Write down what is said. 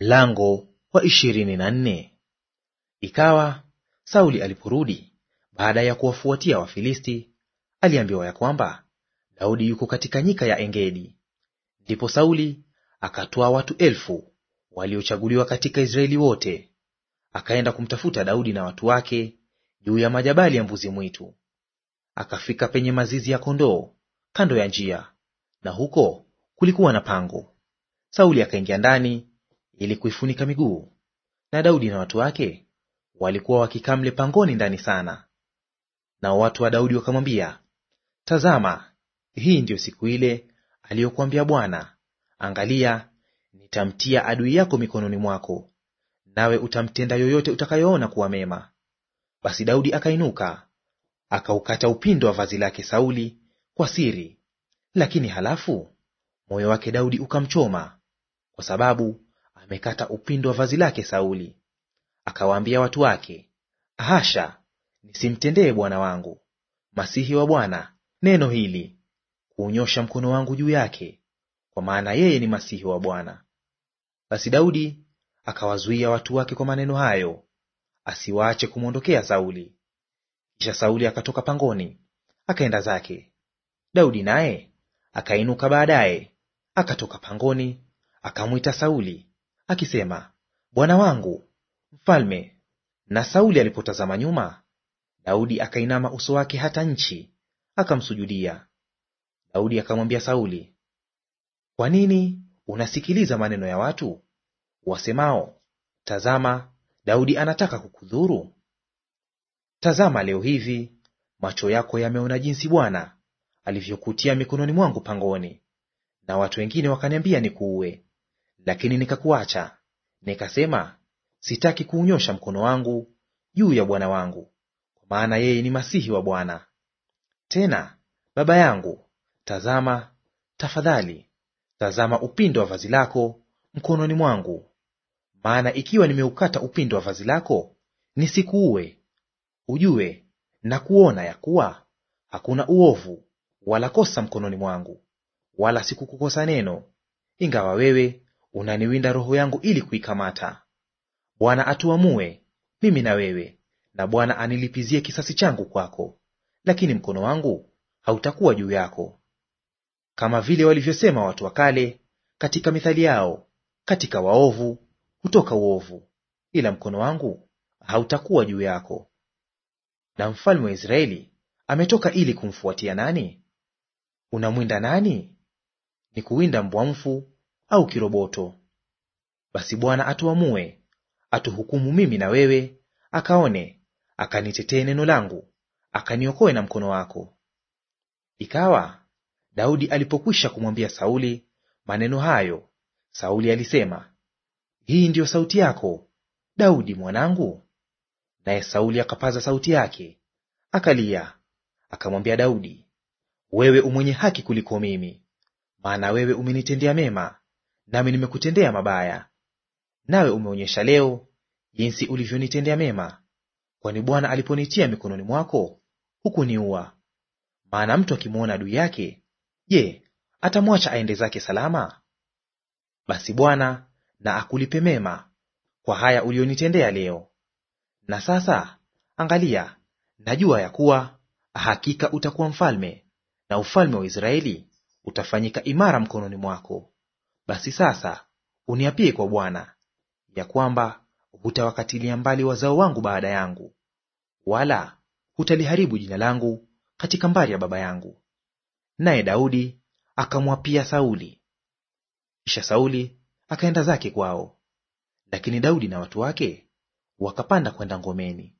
Mlango wa ishirini na nne. Ikawa Sauli aliporudi baada ya kuwafuatia Wafilisti, aliambiwa ya kwamba Daudi yuko katika nyika ya Engedi. Ndipo Sauli akatoa watu elfu waliochaguliwa katika Israeli wote, akaenda kumtafuta Daudi na watu wake juu ya majabali ya mbuzi mwitu. Akafika penye mazizi ya kondoo kando ya njia, na huko kulikuwa na pango. Sauli akaingia ndani ili kuifunika miguu, na Daudi na watu wake walikuwa wakikaa mle pangoni ndani sana. Nao watu wa Daudi wakamwambia, tazama, hii ndiyo siku ile aliyokuambia Bwana, angalia, nitamtia adui yako mikononi mwako, nawe utamtenda yoyote utakayoona kuwa mema. Basi Daudi akainuka akaukata upindo wa vazi lake Sauli kwa siri, lakini halafu moyo wake Daudi ukamchoma, kwa sababu amekata upindo wa vazi lake Sauli. Akawaambia watu wake, hasha, nisimtendee bwana wangu masihi wa Bwana neno hili, kuunyosha mkono wangu juu yake, kwa maana yeye ni masihi wa Bwana. Basi Daudi akawazuia watu wake kwa maneno hayo, asiwaache kumwondokea Sauli. Kisha Sauli akatoka pangoni akaenda zake. Daudi naye akainuka baadaye, akatoka pangoni, akamwita Sauli, akisema, Bwana wangu mfalme. Na Sauli alipotazama nyuma, Daudi akainama uso wake hata nchi, akamsujudia. Daudi akamwambia Sauli, kwa nini unasikiliza maneno ya watu wasemao, tazama, Daudi anataka kukudhuru? Tazama, leo hivi macho yako yameona jinsi Bwana alivyokutia mikononi mwangu pangoni, na watu wengine wakaniambia nikuue, lakini nikakuacha, nikasema, sitaki kuunyosha mkono wangu juu ya bwana wangu, kwa maana yeye ni masihi wa Bwana. Tena baba yangu, tazama tafadhali, tazama upindo wa vazi lako mkononi mwangu, maana ikiwa nimeukata upindo wa vazi lako nisikuue, ujue na kuona ya kuwa hakuna uovu wala kosa mkononi mwangu, wala sikukukosa neno, ingawa wewe unaniwinda roho yangu ili kuikamata. Bwana atuamue mimi na wewe, na Bwana anilipizie kisasi changu kwako, lakini mkono wangu hautakuwa juu yako. Kama vile walivyosema watu wa kale katika mithali yao, katika waovu hutoka uovu, ila mkono wangu hautakuwa juu yako. Na mfalme wa Israeli ametoka ili kumfuatia nani? Unamwinda nani? Ni kuwinda mbwa mfu au kiroboto. Basi Bwana atuamue, atuhukumu mimi na wewe, akaone, akanitetee neno langu, akaniokoe na mkono wako. Ikawa Daudi alipokwisha kumwambia Sauli maneno hayo, Sauli alisema, hii ndiyo sauti yako Daudi mwanangu? Naye Sauli akapaza sauti yake akalia. Akamwambia Daudi, wewe umwenye haki kuliko mimi, maana wewe umenitendea mema nami nimekutendea mabaya, nawe umeonyesha leo jinsi ulivyonitendea mema, kwani Bwana aliponitia mikononi mwako hukuniua. Maana mtu akimwona adui yake, je, atamwacha aende zake salama? Basi Bwana na akulipe mema kwa haya uliyonitendea leo. Na sasa angalia, najua ya kuwa hakika utakuwa mfalme, na ufalme wa Israeli utafanyika imara mkononi mwako. Basi sasa uniapie kwa Bwana ya kwamba hutawakatilia mbali wazao wangu baada yangu, wala hutaliharibu jina langu katika mbari ya baba yangu. Naye Daudi akamwapia Sauli. Kisha Sauli akaenda zake kwao, lakini Daudi na watu wake wakapanda kwenda ngomeni.